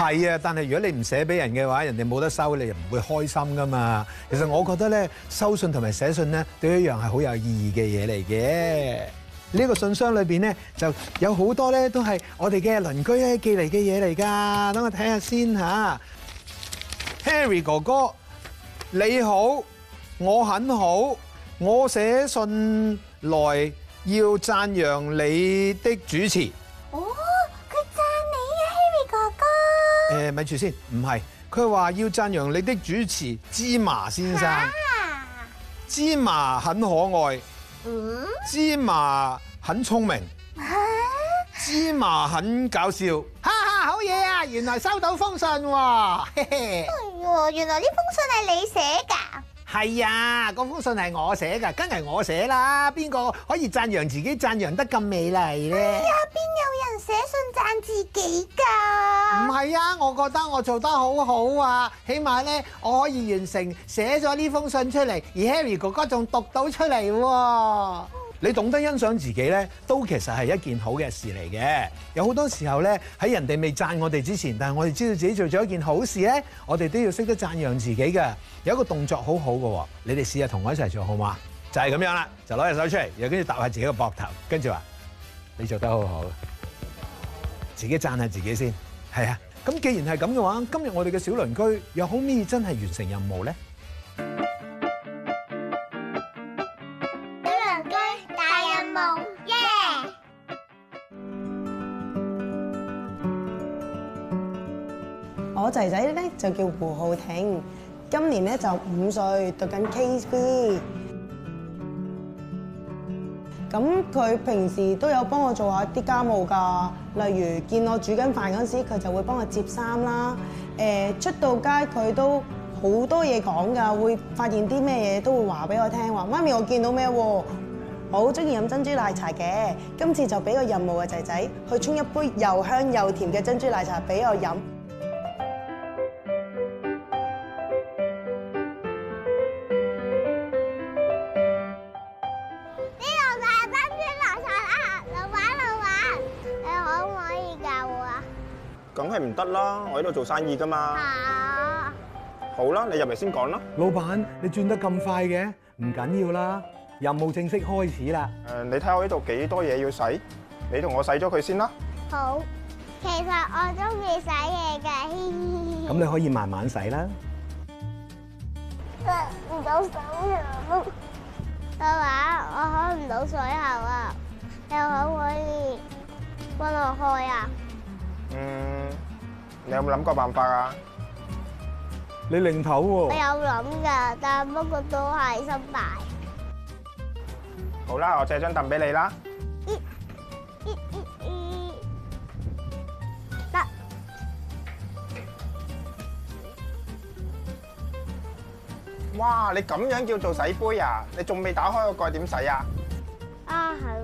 係啊，但係如果你唔寫俾人嘅話，人哋冇得收，你又唔會開心㗎嘛。其實我覺得咧，收信同埋寫信咧，都一樣係好有意義嘅嘢嚟嘅。呢個信箱裏邊咧，就有好多咧，都係我哋嘅鄰居咧寄嚟嘅嘢嚟㗎。等我睇下先吓，Harry 哥哥你好，我很好，我寫信來要讚揚你的主持。誒，咪住先，唔係，佢話要讚揚你的主持芝麻先生。啊、芝麻很可愛。嗯。芝麻很聰明。啊、芝麻很搞笑。哈哈，好嘢啊！原來收到封信喎，嘿嘿。原來呢封信係你寫㗎。係啊，嗰封信係我寫㗎，梗係我寫啦。邊個可以讚揚自己讚揚得咁美麗呢？哎呀，邊有人寫信讚自己㗎？唔係啊，我覺得我做得好好啊，起碼呢，我可以完成寫咗呢封信出嚟，而 Harry 哥哥仲讀到出嚟喎啊。你懂得欣賞自己咧，都其實係一件好嘅事嚟嘅。有好多時候咧，喺人哋未讚我哋之前，但係我哋知道自己做咗一件好事咧，我哋都要識得讚揚自己嘅。有一個動作好好嘅喎，你哋試下同我一齊做好嘛，就係咁樣啦，就攞隻手出嚟，又跟住搭下自己個膊頭，跟住話你做得好好，自己讚下自己先。係啊，咁既然係咁嘅話，今日我哋嘅小鄰居又好，可以真係完成任務咧？我仔仔咧就叫胡浩廷，今年咧就五歲，讀緊 K B。咁佢平時都有幫我做下啲家務㗎，例如見我煮緊飯嗰時候，佢就會幫我接衫啦。誒，出到街佢都好多嘢講㗎，會發現啲咩嘢都會話俾我聽。話媽咪，我見到咩喎？我好中意飲珍珠奶茶嘅，今次就俾個任務嘅仔仔去沖一杯又香又甜嘅珍珠奶茶俾我飲。唔得啦，我喺度做生意噶嘛。好啦，你入嚟先講啦。老闆，你轉得咁快嘅？唔緊要啦，任務正式開始啦。誒，你睇我呢度幾多嘢要洗，你同我洗咗佢先啦。好，其實我中意洗嘢嘅。嘻嘻，咁你可以慢慢洗啦。唔到水喉咯，老闆，我開唔到水喉啊，又可唔可以幫我開啊？嗯。你有冇諗過辦法啊？你零頭喎。我有諗噶，但不過都係失敗。好啦，我借張凳俾你啦。一、一、一、一。凳。哇！你咁樣叫做洗杯啊？你仲未打開個蓋點洗啊？啊係。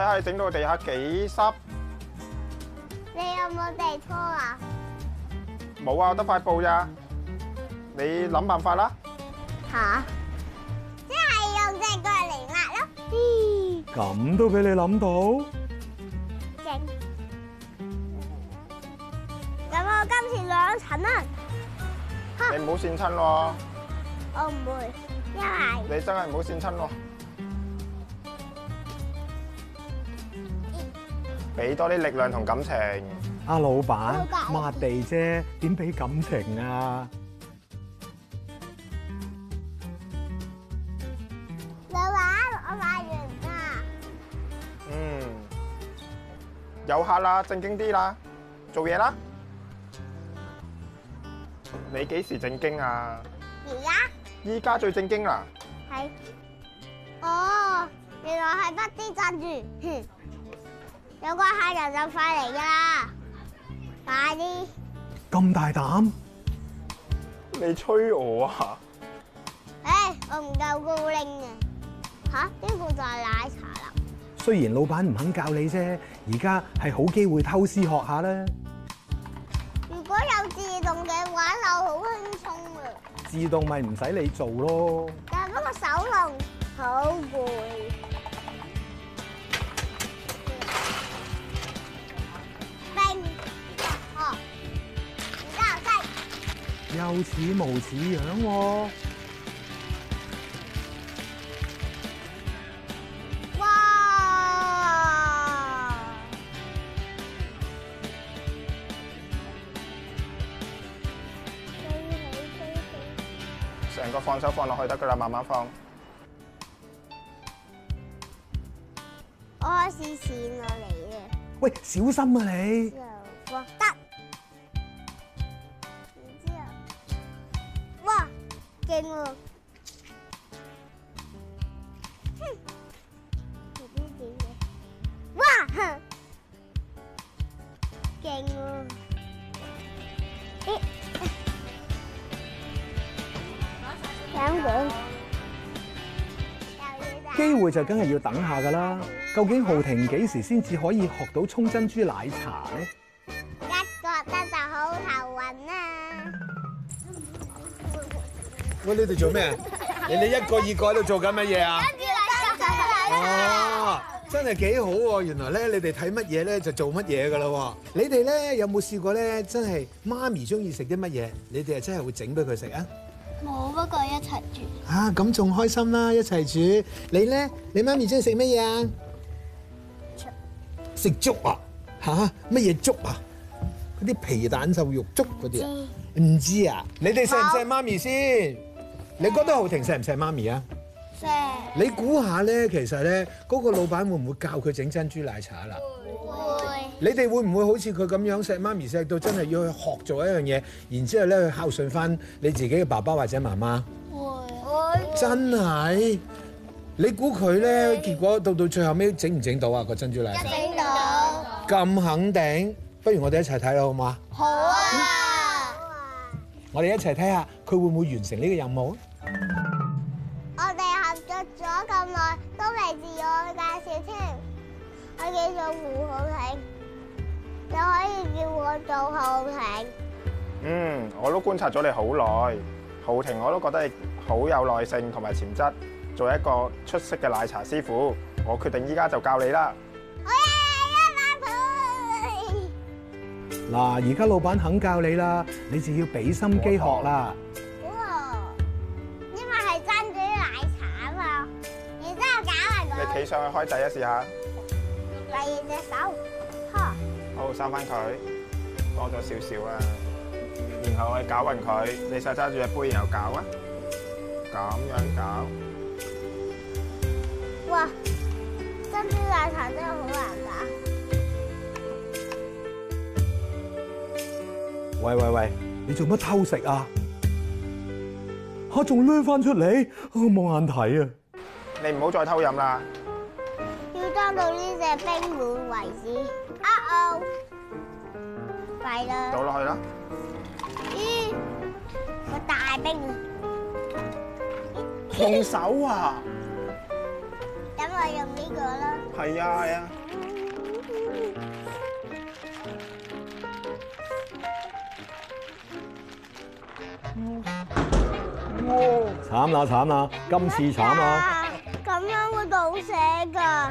睇下整到地下幾濕。你有冇地拖啊？冇啊，得塊布咋。你諗辦法啦。吓？即係用隻腳嚟壓咯。咁都俾你諗到？整。咁我今次兩層啊。你唔好跣親喎。我唔會，因為你真係唔好跣親喎。俾多啲力量同感情。阿老闆抹地啫，點俾感情啊？老闆，我抹完啦。嗯。有客啦，正經啲啦，做嘢啦。你幾時正經啊？依家。依家最正經啦。係。哦，原來係俾啲讚住。哼。有個客人就快嚟㗎啦，快啲！咁大膽，你催我啊？唉，我唔夠高領啊！吓，呢個就係奶茶啦。雖然老闆唔肯教你啫，而家係好機會偷師學下啦。如果有自動嘅話，就好輕鬆啊。自動咪唔使你做咯。但係嗰個手動好攰。又似無似樣喎！哇！飛成個放手放落去得㗎喇，慢慢放。我開始線你喂，小心啊你！哇！勁喎，啊嗯，機會就梗係要等下㗎啦。究竟浩庭幾時先至可以學到沖珍珠奶茶咧？你哋做咩啊？你哋一個二個喺度做緊乜嘢啊？跟住嚟、啊啊啊，真係幾好喎！原來咧，你哋睇乜嘢咧，就做乜嘢噶啦。你哋咧有冇試過咧？真係媽咪中意食啲乜嘢，你哋係真係會整俾佢食啊？冇，不過一齊、啊、煮媽媽啊。啊，咁仲開心啦！一齊煮。你咧，你媽咪中意食乜嘢啊？食粥啊？嚇？乜嘢粥啊？嗰啲皮蛋瘦肉粥嗰啲啊？唔知。唔知啊？你哋食唔食媽咪先？你覺得浩庭錫唔錫媽咪啊？錫的。你估下咧，其實咧，嗰個老闆會唔會教佢整珍珠奶茶啊？會。你哋會唔會好似佢咁樣錫媽咪錫到真係要去學做一樣嘢，然之後咧去孝順翻你自己嘅爸爸或者媽媽？會。會真係的。會你估佢咧，的結果到到最後尾整唔整到啊個珍珠奶茶？整到。咁肯定，不如我哋一齊睇啦，好唔好啊？好啊。我哋一齊睇下佢會唔會完成呢個任務。我哋合作咗咁耐，都未自我介紹添。我叫做胡浩庭，你可以叫我做浩庭。嗯，我都觀察咗你好耐，浩庭，我都覺得你好有耐性同埋潛質，做一個出色嘅奶茶師傅。我決定依家就教你啦。嗱，而家老闆肯教你啦，你就要俾心機學啦。上去開第一試下，第二隻手，哈，好，收翻佢，多咗少少啊，然後去攪勻佢，你手揸住隻杯然後攪啊，咁樣攪，哇，珍珠奶茶真係好難打，喂喂喂，你做乜偷食啊？吓，仲攞翻出嚟，我冇眼睇啊！你唔好再偷飲啦。到呢隻冰碗為止，啊哦，快啦，倒落去啦，個大冰，凍手啊，咁我用呢個啦，係啊係啊，慘啦慘啦，今次慘啊，咁樣會倒瀉㗎。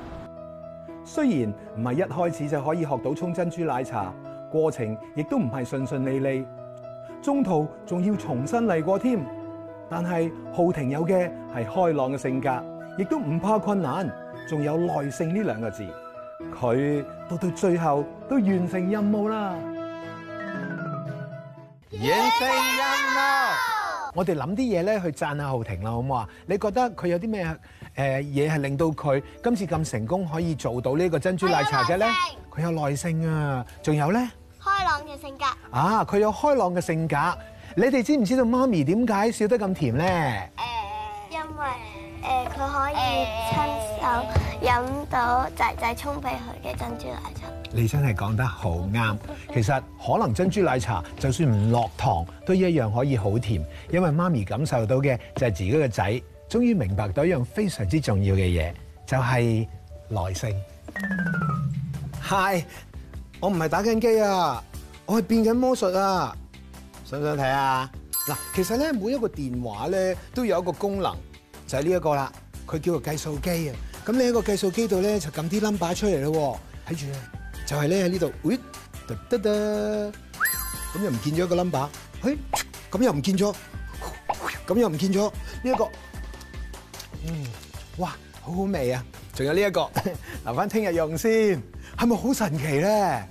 雖然唔係一開始就可以學到沖珍珠奶茶，過程亦都唔係順順利利，中途仲要重新嚟過添。但係浩廷有嘅係開朗嘅性格，亦都唔怕困難，仲有耐性呢兩個字，佢到到最後都完成任務啦。完成任務。我哋諗啲嘢，咧去讚下浩庭啦，好唔好啊？你覺得佢有啲咩誒嘢係令到佢今次咁成功可以做到呢個珍珠奶茶嘅咧？佢有耐性啊！仲有咧？開朗嘅性格啊！佢有開朗嘅性格。你哋知唔知道媽咪點解笑得咁甜咧？誒，因為誒佢、呃、可以親手飲到仔仔沖俾佢嘅珍珠奶茶。你真係講得好啱。其實可能珍珠奶茶就算唔落糖，都一樣可以好甜。因為媽咪感受到嘅就係自己嘅仔終於明白到一樣非常之重要嘅嘢，就係耐性。Hi，我唔係打緊機啊，我係變緊魔術啊。想唔想睇啊？嗱，其實咧每一個電話咧都有一個功能，就係呢一個啦。佢叫做計數機啊。咁你喺個計數機度咧就撳啲 number 出嚟咯。睇住。就係咧喺呢度，喂，得得，咁又唔見咗一個 number，嘿，咁又唔見咗，咁又唔見咗呢一個，嗯，哇，好好味啊！ 仲有呢一個，留翻聽日用先，係咪好神奇咧？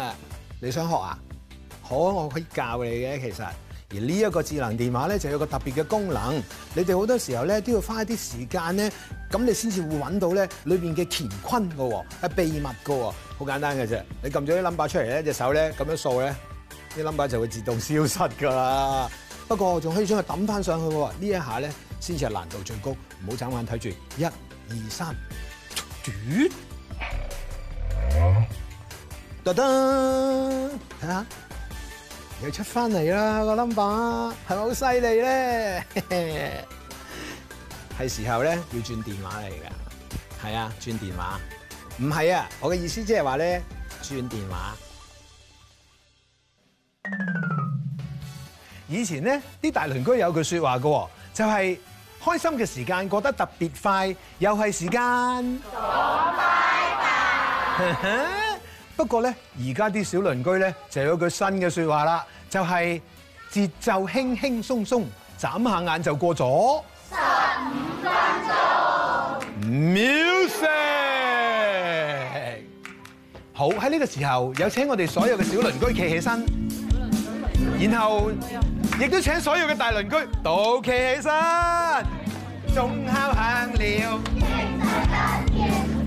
你想學啊？好，我可以教你嘅，其實。而呢一個智能電話咧，就有個特別嘅功能。你哋好多時候咧，都要花一啲時間咧，咁你先至會揾到咧裏邊嘅乾坤嘅喎，係秘密嘅喎。好簡單嘅啫，你撳咗啲 number 出嚟咧，隻手咧咁樣掃咧，啲 number 就會自動消失㗎啦。不過仲可以將佢揼返上去喎。呢一下咧，先至係難度最高。唔好眨眼睇住，一、二、三，奪嘟嘟！等睇下。又出翻嚟啦，個 number，係咪好犀利咧？係 時候咧要轉電話嚟㗎，係啊轉電話。唔係啊，我嘅意思即係話咧轉電話。以前咧啲大鄰居有句説話嘅，就係、係、開心嘅時間過得特別快，又係時間。講拜拜。 不過咧，而家啲小鄰居咧就有句新嘅説話啦，就係、是、節奏輕輕鬆鬆，眨下眼就過咗十五分鐘。Music，好喺呢個時候，有請我哋所有嘅小鄰居企起身，然後亦都請所有嘅大鄰居都企起身，仲敲響了。